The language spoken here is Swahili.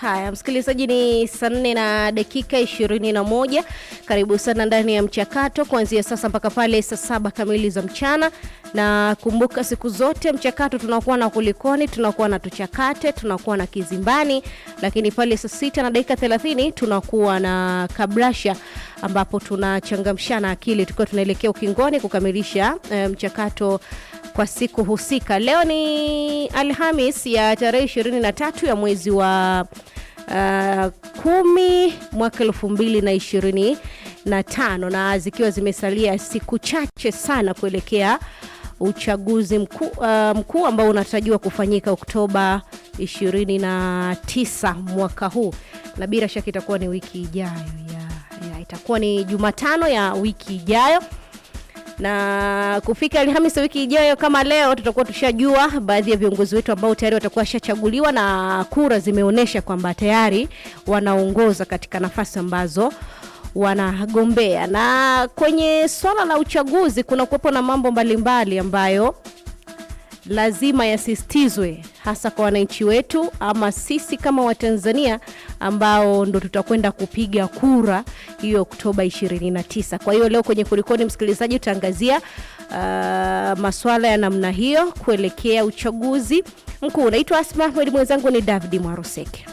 Haya msikilizaji, ni saa nne na dakika ishirini na moja. Karibu sana ndani ya mchakato kuanzia sasa mpaka pale saa saba kamili za mchana, na kumbuka siku zote mchakato tunakuwa na kulikoni, tunakuwa na tuchakate, tunakuwa na kizimbani, lakini pale saa sita na dakika thelathini tunakuwa na kabrasha ambapo tunachangamshana akili tukiwa tunaelekea ukingoni kukamilisha eh, mchakato um, kwa siku husika. Leo ni Alhamis ya tarehe 23 ya mwezi wa uh, kumi mwaka 2025 na, na zikiwa zimesalia siku chache sana kuelekea uchaguzi mkuu uh, mkuu ambao unatarajiwa kufanyika Oktoba 29 mwaka huu, na bila shaka itakuwa ni wiki ijayo ya, ya, itakuwa ni Jumatano ya wiki ijayo na kufika Alhamisi wiki ijayo kama leo, tutakuwa tushajua baadhi ya viongozi wetu ambao tayari watakuwa washachaguliwa na kura zimeonyesha kwamba tayari wanaongoza katika nafasi ambazo wanagombea. Na kwenye swala la uchaguzi kuna kuwepo na mambo mbalimbali mbali ambayo lazima yasisitizwe, hasa kwa wananchi wetu ama sisi kama Watanzania ambao ndo tutakwenda kupiga kura hiyo Oktoba 29. Kwa hiyo leo kwenye Kulikoni, msikilizaji, utaangazia uh, masuala ya namna hiyo kuelekea uchaguzi mkuu. Naitwa Asma ahmed mwenzangu ni David Mwaruseke.